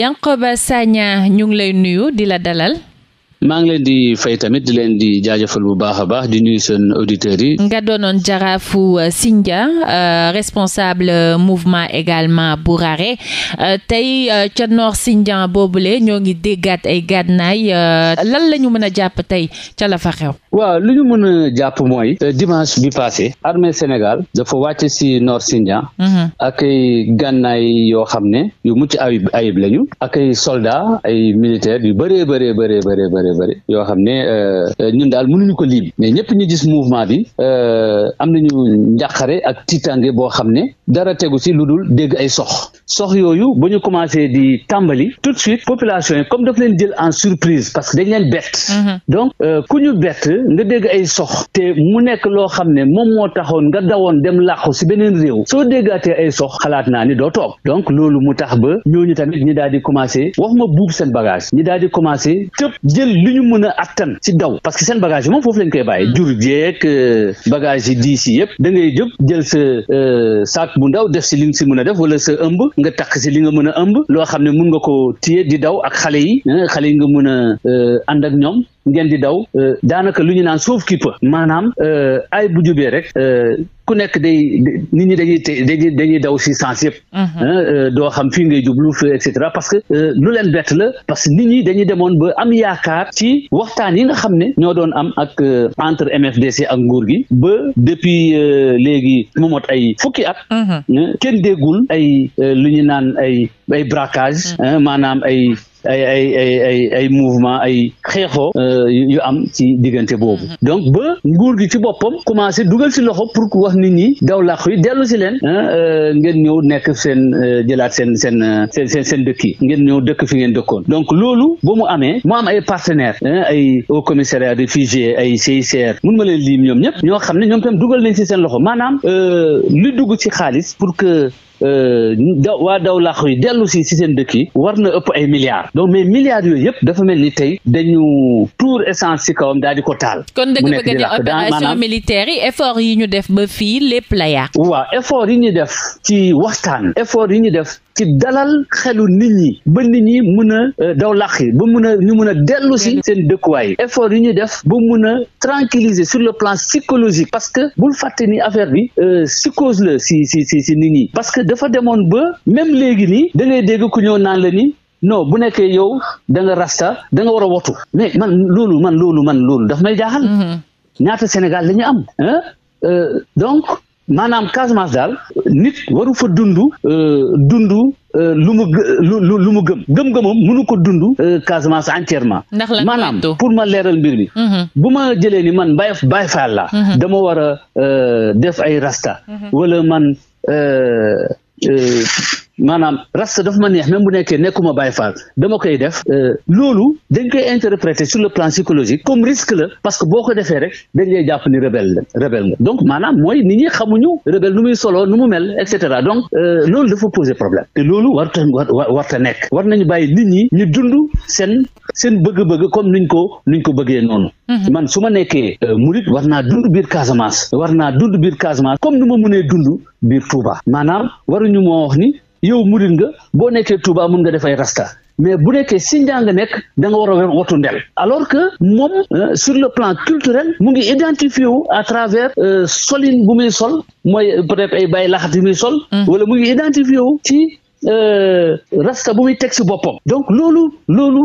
Yankhoba Sagna ñu ngi lay nuyu di la dalal maa ngi leen di fay tamit leen di jaajëfal bu baax a baax di nuyu seen auditeurs yi. nga doonoon jaraafu euh, Sindia euh, responsable euh, mouvement également bu Rare tey ca Nord Sindia boobule ñoo ngi déggaat ay gànnaay lan la ñu mën a jàpp tey ca la fa xew. waaw lu ñu mën a jàpp mooy. dimanche bi passé armée Sénégal dafa wàcc si Nord Sindia. Mhm. ak ay yoo xam ne yu mucc ayib lañu. ak ay ay militaires yu bëree bëree bëree bëree. bëree bëri yoo xam ne euh, euh, ñun daal mënuñu ko lim mais ñëpp ñu gis mouvement bi euh, am nañu njàqare ak tiitange boo xam ne dara tegu si lu dul dégg ay sox sox yooyu ba ñu commencé di tàmbali tout de suite population yi comme daf leen jël en surprise parce que dañ leen bett. Mm-hmm. donc ku ñu bett nga dégg ay sox te mu nekk loo xam ne moom moo taxoon nga dawoon dem làqu si beneen réew soo déggaatee ay sox xalaat naa ni doo toog donc loolu mu tax ba ñooñu tamit ñi daal di commencé wax lu ñu mën a attan ci daw parce que seen bagage yi moom foofu lañ koy bàyyi mm. jur jeeg euh, bagage yi diis yi yëpp da ngay jël sa euh, saak bu ndaw def si li nga si mën a def wala sa ëmb nga takk si li nga mën a ëmb loo xam ne mun nga ko téye di daw ak xale yi ah, xale yi nga mën a euh, ànd ak ñoom ngeen di daw euh, daanaka lu ñu naan sauve qui peut maanaam euh, ay bu jubee rek euh, ku nekk day nit ñi dañuy dañuy dañuy daw si sance yëpp mhm. doo xam fii ngay jublu fi et parce que lu leen bett la parce que nit ñi dañuy demoon ba am yaakaar ci waxtaan yi nga xam ne ñoo doon am ak entre MFDC ak nguur gi ba depuis léegi mu mot ay fukki at mhm. kenn déggul ay lu ñu naan ay ay mhm. maanaam ay ay ay ay ay ay mouvement ay xeexoo euh, yu am ci diggante boobu mm-hmm. donc ba nguur gi ci boppam commencé dugal si loxo pour wax nit ñi daw làq yi dellu si leen euh, ngeen ñëw nekk seen euh, jëlaat seen seen seen seen dëkk yi ngeen ñëw dëkk fi ngeen dëkkoon donc loolu ba mu amee mu am ay partenaires ay haut commissariat réfugié ay CICR mun ma leen lim ñoom ñëpp ñoo xam ne ñoom tam dugal nañ si seen loxo maanaam li dugg ci xaalis pour que Euh, daw waa daw làq yi dellu si si seen dëkk war na ëpp ay milliards donc mais milliards yooyu yëpp dafa mel ni tey dañu tuur essence si kawam daal di ko taal. kon dëgg bëgg ni opération militaire yi effort yi ñu def ba fii lépp la yàq. waa effort yi ñu def ci waxtaan effort yi ñu def. ci dalal xelu nit ñi ba nit ñi mun a euh, daw làq yi ba mun a ñu mun a dellu si seen dëkkuwaay effort yi ñu def ba mun a tranquilliser sur le plan psychologique parce que bul fàtte ni affaire bi euh, psychose la si si si si nit ñi parce que dafa demoon ba même léegi nii da ngay dégg ku ñëw naan la nii non bu nekkee yow da nga rasta da war a wotu mais man loolu man loolu man loolu daf may jaaxal mm-hmm. ñaata Sénégal la ñu am euh, donc maanaam Casamance daal nit waru fa dund euh, dund euh, lu mu lu mu gëm gëm-gëmam mënu ko dund euh, Casamance entièrement maanaam pour ma leeral mbir mi mhm. bu ma jëlee ni man Baye Baye Fall la mhm. dama war a def ay rasta mhm. wala man maanaam rasta dafa ma neex même bu nekkee nekkuma bàyyi Fall dama koy def euh, loolu dañ koy interpréter sur le plan psychologique comme risque la parce que boo ko defee rek dañ lay jàpp ni rebelle nga donc maanaam mooy nit ñi xamuñu rebelle nu muy solo nu mu mel et cetera donc euh, loolu dafa poser problème te loolu warta warta nekk war nañu bàyyi nit ñi ñu dund seen seen bëgg-bëgg comme nuñ ko nuñ ko bëggee noonu mm-hmm. man su ma nekkee euh, murit war naa dund biir Casamance war naa dund biir Casamance comme nu ma mënee dund biir Touba maanaam waruñu moo wax ni yow mu murit nga boo nekkee Touba mun nga def ay rasta mais bu nekkee si nga nekk danga war a watu ndel alors que moom euh, sur le plan culturel mu ngi identifié wu à travers euh, solin bu muy sol mooy peut-être ay bàyyi laxat yi muy sol mm. wala mu ngi identifié wu ci euh, rasta bu muy teg si boppam donc loolu loolu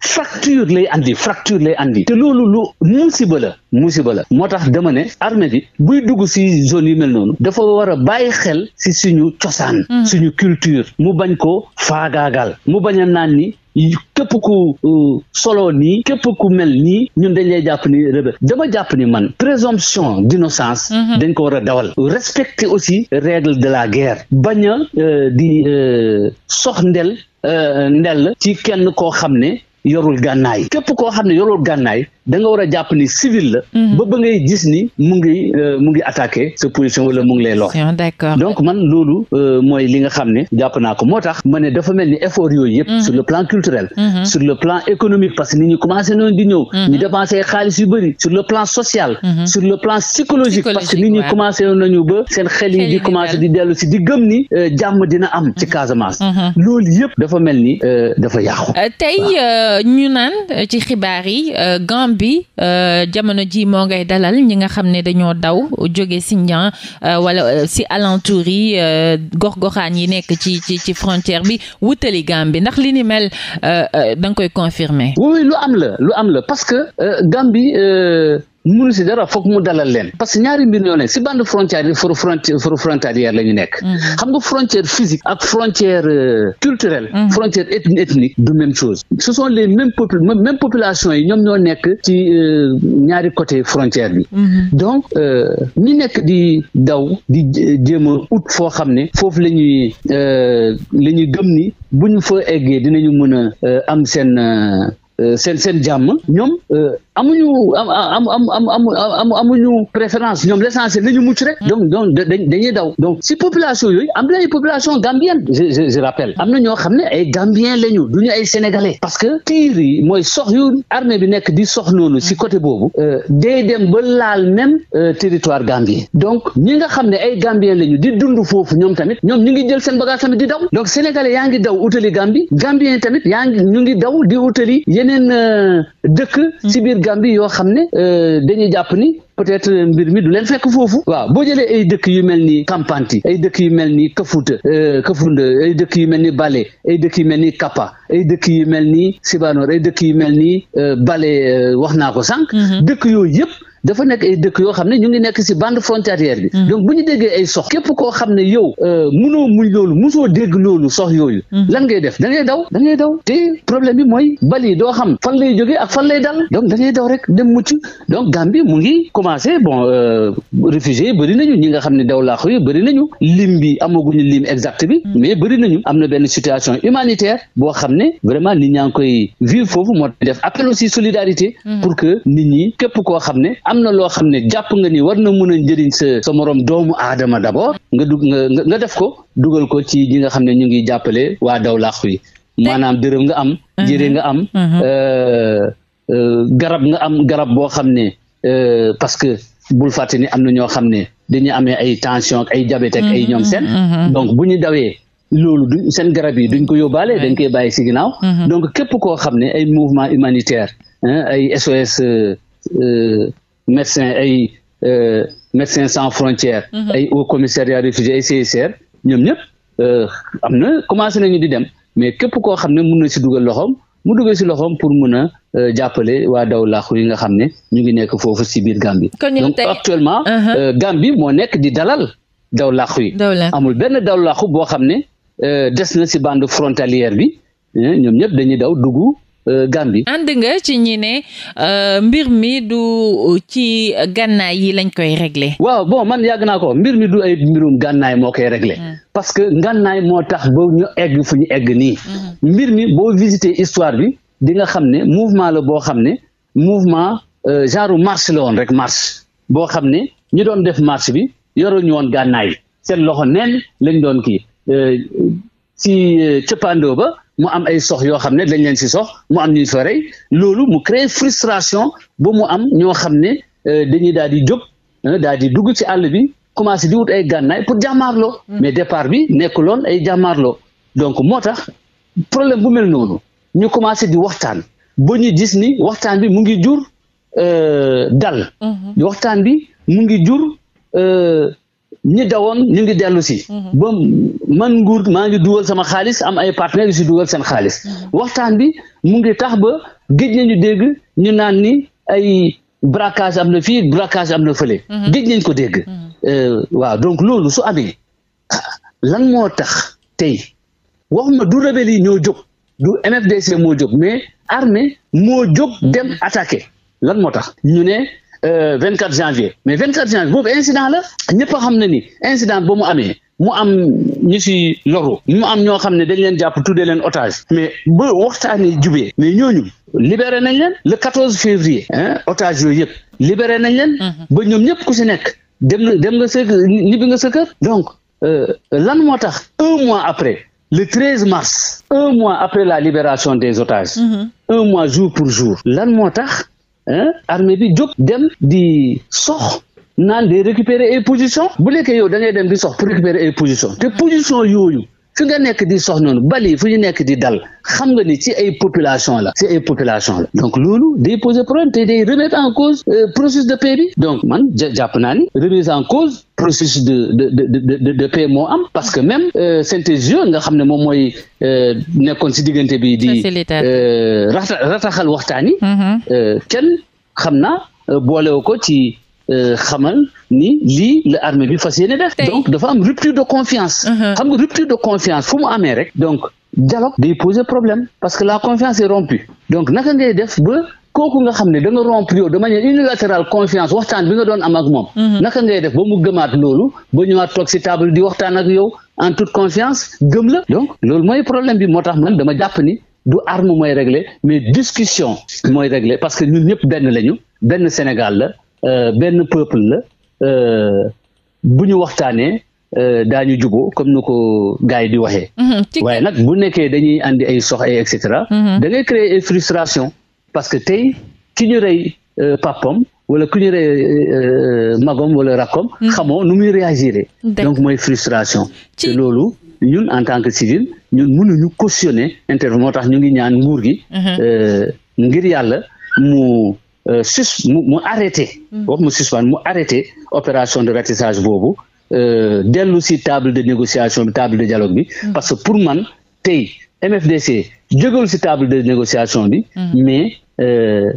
fracture lay andi fracture lay andi te loolu lu musiba la musiba la moo tax dama ne armée bi buy dugg si zone yi mel noonu dafa war a bàyyi xel si suñu cosaan mm. suñu culture mu bañ ko faagaagal mu bañ a naan ni képp ku euh, solo nii képp ku mel nii ñun dañ lay jàpp ni rebe dama jàpp ni man présomption d'innocence mm-hmm. dañ ko war a dawal respecte aussi règle de la guerre bañ a uh, di uh, sox euh, ndel ndel ci kenn koo xam ne yorul gànnaay képp koo xam ne yorul gànnaay da nga war a jàpp ni civil la. Mhm. ba ba ngay gis ni mu ngi euh, mu sa position wala mu ngi lay lor. donc man loolu euh, mooy li nga xam ne jàpp naa ko moo tax ma ne dafa mel ni effort yooyu yëpp. Mhm. sur le plan culturel. Mhm. sur le plan économique parce que nit ñi commencé di ñëw. ñu dépensé xaalis yu bëri sur le plan social. sur le plan psychologique parce nañu ba seen xel yi di commencé di dellu si di gëm ni euh, jàmm dina am ci Casamance. loolu yëpp dafa mel ni dafa yàqu. tey ñu naan ci xibaar yi Gambie bi euh, jamono ji moo ngay dalal ñi nga xam ne dañoo daw jóge si Sindian euh, wala euh, si alentour yi gox-goxaan yi nekk ci ci ci frontière bi wutali Gambie ndax li ni mel da nga koy confirmer. oui lu am la lu am la parce que Gambie mënu si dara foog mu dalal leen parce que ñaari mbir ñoo nekk si bande frontière yi for mm-hmm. frontière frontière euh, mm-hmm. ethnique du même chose ce sont les mêmes pop yi ñoom ñoo nekk ci euh, ñaari côté frontière bi mm-hmm. donc euh, ñi nekk di daw di jéem a ut foo xam ne foofu la ñuy la ñuy gëm ni bu ñu fa eggee dinañu mën a am seen Euh, seen seen jàmm ñoom euh, amuñu am am am am amuñu préférence ñoom l'essentiel nañu mucc rek hmm. donc donc dañuy daw donc si population yooyu am na ay population gambienne je je je rappelle am na ñoo xam ne ay gambien lañu ñu ay sénégalais parce que tiir mooy sox yu armée bi nekk di sox noonu si hmm. côté boobu euh, day dem ba laal même territoire gambien donc ñi nga xam ne ay gambien lañu di dund foofu ñoom tamit ñoom ñu ngi jël seen bagage tamit di daw donc sénégalais yaa ngi daw utali Gambie gambien tamit ñu ngi daw yeneen euh, dëkk ci hmm. biir Gambie yoo xam ne euh, dañuy jàpp ni peut-être mbir mi du leen fekk foofu waaw boo jëlee ay dëkk yu mel ni Kampanti ay dëkk yu mel ni Kafuta euh, Kafunda ay dëkk yu mel ni Bale ay dëkk yu mel ni Kappa ay dëkk yu mel ni Sibanoor ay dëkk yu mel ni Bale wax naa ko sànq hmm. dëkk yooyu yëpp dafa nekk ay dëkk yoo xam ne ñu ngi nekk si bande frontalière bi mm. donc bu ñu déggee ay sox képp koo xam ne yow euh, mënoo muñ loolu musoo dégg loolu sox yooyu mm. lan ngay def da daw da daw te problème bi mooy bal yi doo xam fan lay jógee ak fan lay dal donc da daw rek dem mucc donc Gambie mu ngi commencé bon euh, réfugiés yi bëri nañu ñi nga xam ne daw laax yi bari nañu lim bi amaguñu lim exact bi mm. mais bëri nañu am na benn situation humanitaire boo xam ne vraiment nit ñaa ngi koy vivre foofu moo def appel aussi solidarité pour que nit ñi képp koo xam ne am na loo xam ne jàpp nga ni war na mën a njëriñ sa moroom doomu aadama d'abord nga dug nga nga def ko dugal ko ci ñi nga xam ne ñu ngi jàppale waa daw làqu yi maanaam dërëm nga am mhm. jëre nga am mhm. euh, euh, garab nga am garab boo xam ne euh, parce que bul fàtte ni am na ñoo xam ne dañuy amee ay tension ak ay diabète ak ay ñoom mhm. seen donc bu dawee loolu duñ seen garab yi duñ ko yóbbaale dañ koy bàyyi si ginnaaw donc képp koo xam ne ay mouvement humanitaire ay SOS médecins ay euh, médecins sans frontières. Mhm. ay haut commissariat réfugiés ay CICR ñoom ñëpp euh, am na commencé nañu di dem mais képp koo xam ne mun na si dugal loxoom mu dugal si loxoom pour mun a euh, jàppale waa daw laaxu yi nga xam ne ñu ngi nekk foofu si biir Gambie. donc actuellement. Mhm. Gambie moo nekk di dalal daw laaxu yi. amul benn daw laaxu boo xam ne des na si bande frontalière bi ñoom ñëpp dañuy daw dugg. Euh, Gambie. ànd nga ci ñi ne euh, mbir mi du ci gànnaay yi lañ koy régler. waaw bon man yàgg naa ko mbir mi du ay mbirum gànnaay moo koy régler. Mm. parce que gànnaay moo tax ba ñu egg fu ñu egg nii. Mm-hmm. mbir mi bo visiter histoire bi di nga xam ne mouvement la boo xam ne mouvement euh, genre marche la woon rek marche boo xam ne ñu doon def marche bi yoruñu woon gànnaay seen loxo neen lañ doon kii ci cëppandoo ba. mu am ay sox yoo xam ne dañ leen si sox mu am ñuy fa loolu mu créer frustration ba mu am ñoo xam ne euh, dañuy daal di jóg euh, daal di dugg ci àll bi commencé di wut ay gànnaay pour jàmmaarloo mm. mais départ bi nekkuloon ay jàmmaarloo donc moo tax problème bu mel noonu ñu commencé di waxtaan ba ñu gis ni waxtaan bi mu ngi jur euh, dal mm-hmm. waxtaan bi mu ngi jur ñi dawoon ñu ngi dellu si. Mhm. ba man nguur maa ngi dugal sama xaalis am ay partenaires yu si dugal seen xaalis mhm. waxtaan bi mu ngi tax ba géej nañu dégg ñu naan ni ay braquage am na fii braquage am na fële. Mhm. géej nañ ko dégg. Euh, waaw donc loolu su amee lan moo tax tey waxuma du rebelle yi ñoo jóg du MFDC moo jóg mais armée moo jóg dem attaqué lan moo tax ñu ne. Euh, vingt 24 janvier mais 24 janvier boobu incident la ñëpp a xam ne ni incident ba mu amee mu am ñu si loru mu am ñoo xam ne dañ leen jàpp tuddee leen otage mais ba waxtaanee jubee mais ñooñu libéré nañ leen le 14 février otage yooyu yëpp libéré nañ leen mhm. ba ñoom ñëpp ku si nekk dem na dem nga sa nga sa kër donc euh, lan moo tax un mois après le 13 mars un mois après la libération des otages mhm. un mois jour pour jour lan moo tax armée bi jóg dem di sox naan di récupérer ay position bu lekkee yow da ngay dem di sox pour récupérer ay position te position yooyu fi nga nekk di sox noonu bali fu ñu nekk di dal xam nga ni ci ay population la ci ay population la donc loolu day poser problème te day remettre en cause euh, processus de paix bi donc man jàpp naa ni en cause processus de de de de de paix moo am parce que même euh, synthèse nga xam ne moom mooy euh, nekkoon si diggante bi di euh, rataxal waxtaan yi mm-hmm. kenn xam na boolewu ko ci xamal ni lii la armée bi fas yéene def donc dafa am rupture de confiance mm-hmm. xam nga rupture de confiance fu mu amee rek donc dialogue day poser problème parce que la confiance est rompue donc naka ngay def ba kooku nga xam ne da nga rompre yow de manière unilatérale confiance waxtaan bi nga doon am ak moom mhm. naka ngay def ba mu gëmaat loolu ba ñëwaat toog si table di waxtaan ak yow en toute confiance gëm la donc loolu mooy problème bi moo tax man dama jàpp ni du arme mooy régle mais discussion mooy régler parce que ñun ñëpp benn lañu benn Sénégal la euh, benn peuple la euh, bu ñu waxtaanee euh, daañu juboo comme nu ko gars yi di waxee. Mhm, waaye nag bu nekkee dañuy indi ay sox ay et mhm. parce que tey ki ñu rey euh, papam wala ku ñu rey euh, magom wala rakom mm. xamoo nu muy réagir donc mooy frustration te loolu ñun en tant que civil ñun mënuñu cautionner intervention moo tax ñu ngi ñaan nguur gi mm-hmm. euh, ngir yàlla mu sus mu mu arrêté mm. wax mu suspendre opération de ratissage boobu dellu si table de négociation table de dialogue bi mm. parce que pour man tey MFDC jógewul ci table de négociation bi. Mm-hmm. mais euh,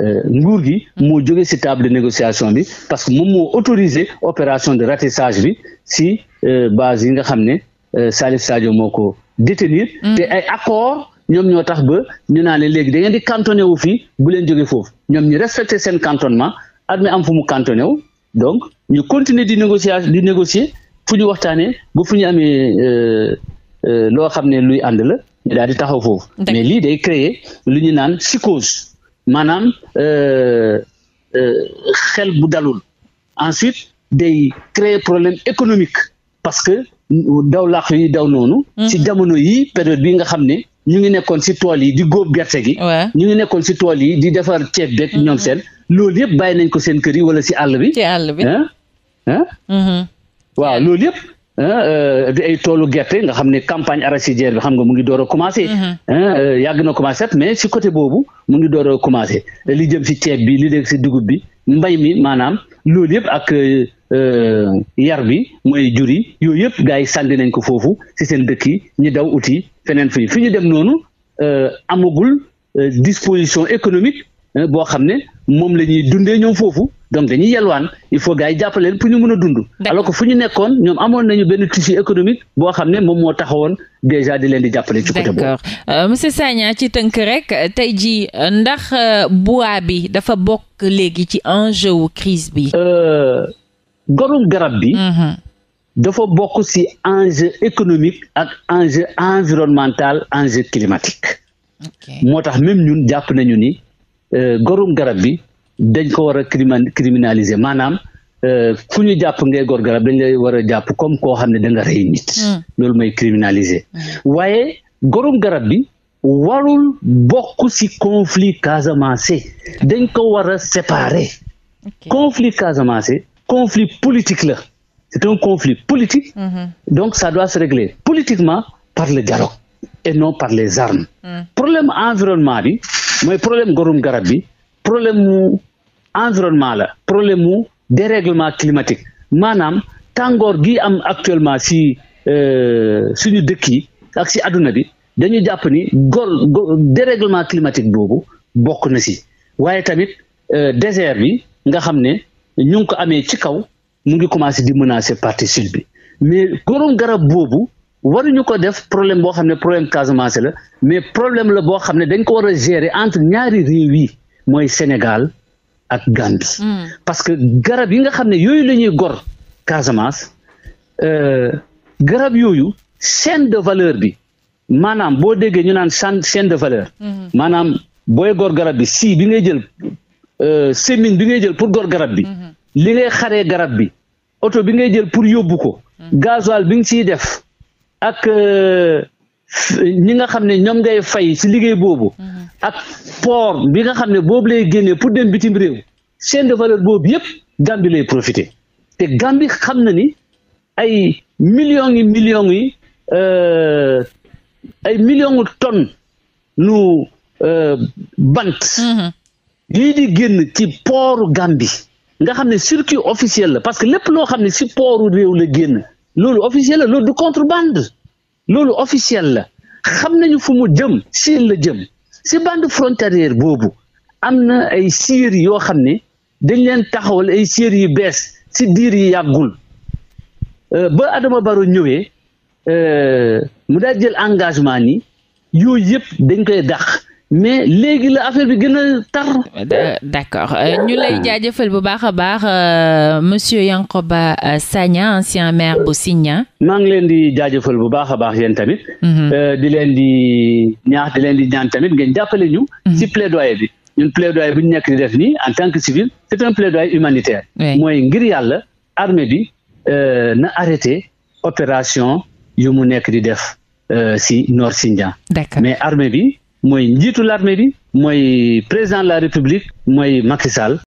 euh, nguur gi mm-hmm. moo jóge ci table de négociation bi parce que moom moo autorisé opération de ratissage bi ci euh, base yi nga xam ne Salif Sadio moo ko détenir. Mm-hmm. te ay accord ñoom ñoo tax ba ñu naa ne léegi da di cantonné wu fii bu leen jóge foofu ñoom ñu respecté seen cantonnement armée am fu mu cantonné wu donc ñu continuer di négocier di négocier fu ñu waxtaanee ba fu ñu amee. Euh, loo xam ne luy ànd la daal di taxaw foofu. mais lii day créer lu ñu naan psychose maanaam euh, euh, xel bu dalul ensuite day créer problème économique parce que daw laax yi daw noonu. ci mm-hmm. jamono yi période bi nga xam ne. ñu ngi nekkoon si tool yi di góob gerte gi. ñu ngi nekkoon si tool yi di defar ceeb beeg mm-hmm. ñoom seen. loolu yëpp bàyyi nañ ko seen kër yi walla si àll bi. ci àll bi ah waaw loolu yëpp. Euh, di ay toolu gerte nga xam ne campagne arachidière bi xam nga mu ngi door a mhm. euh, yàgg na commencé mais si côté boobu mu ngi door a commencé li jëm si ceeb bi li jëm si dugub bi mbay mi maanaam loolu yëpp ak euh, yar bi mooy jur yi yooyu yëpp gars yi sànni nañ ko foofu si seen dëkk yi ñu daw uti feneen fi fi ñu dem noonu amagul disposition économique boo xam ne moom la ñuy dundee ñoom foofu. donc dañuy yelwaan il faut gars yi jàppale leen pour ñu mën a dund alors que fu ñu nekkoon ñoom amoon nañu benn tissu économique boo xam ne moom moo taxawoon déjà di leen di jàppale ci côté boobu d'accord euh, monsieur Sagna ci tënk rek tey jii ndax euh, buwaa bi dafa bokk léegi ci enjeu wu crise bi euh, gorum garab bi mhm. dafa bokk ci enjeu économique ak enjeu environnemental enjeu climatique moo tax même ñun jàpp nañu ni gorum garab bi dañ ko war a criminaliser maanaam euh, fu ñu jàpp ngay gor garab dañ lay war a jàpp comme koo xam ne da nga rey nit. Hmm. loolu mooy criminaliser hmm. waaye gorum garab bi warul bokk ci conflit Casamance dañ ko war a séparer. conflit Casamance conflit politique la c'est un conflit politique. Hmm. donc ça doit se régler politiquement par le dialogue et non par les armes. problème environnement bi mooy problème gorum garab bi problème environnement la problème mu dérèglement climatique maanaam tàngoor gi am actuellement si euh, suñu dëkk yi ak si àdduna bi dañu jàpp ni gol dérèglement climatique boobu bokk na si waaye tamit euh, désert bi nga xam ne ñu ngi ko amee ci kaw mu ngi commencé di menacer partie sud bi mais góorom garab boobu waruñu ko def problème boo xam ne problème Casamance la mais problème la boo xam ne dañ ko war a gérer entre ñaari réew yi mooy Sénégal ak Gambie. Hmm. parce que garab yi nga xam ne yooyu la ñuy gor Casamance euh, garab yooyu chaîne de valeur bi maanaam boo déggee ñu naan chan chaîne de valeur. Hmm. maanaam booy gor garab bi si bi ngay jël euh, semine bi ngay jël pour gor garab bi. Hmm. li ngay xaree garab bi oto bi ngay jël pour yóbbu ko. bi nga ciy def ak. Euh, ñi nga xam ne ñoom ngay fay si liggéey boobu mhm. ak port bi nga xam ne boobu lay génne pour dem bitim réew sen de valeur boobu yëpp Gambie lay profité te Gambie xam na ni ay million yi millions yi euh, ay millions tonnes lu euh, bant lii mhm. di génn ci pooru Gambie nga xam ne circuit officiel la parce que lépp loo xam ne si pooru réew la génn loolu officiel la loolu du contrebande loolu officiel la xam nañu fu mu jëm Chine la jëm si bande frontalière boobu am na ay siir yoo xam ne dañ leen taxawal ay siir yu bees si diir yi yàggul euh, ba Adama Barrow ñëwee euh, mu daal jël engagement ni yooyu yëpp dañ koy dàq mais léegi la affaire bi gën a tar. d'accord euh, ñu lay jaajëfal bu baax a baax euh, monsieur Yankoba euh, Sagna ancien maire bu Signa. maa ngi leen di jaajëfal bu baax a baax yéen tamit. Mhm. di leen di ñaax di leen di ñaan tamit ngeen jàppale ñu. ci mhm. plaidoyer bi ñun plaidoyer bu ñu nekk di def nii en tant que civil c'est un plaidoyer humanitaire. mooy ngir yàlla armée bi na arrêté opération yu mu nekk di def si Nord Sindian. mais armée bi. mooy njiitu l'armée bi mooy président la république mooy Macky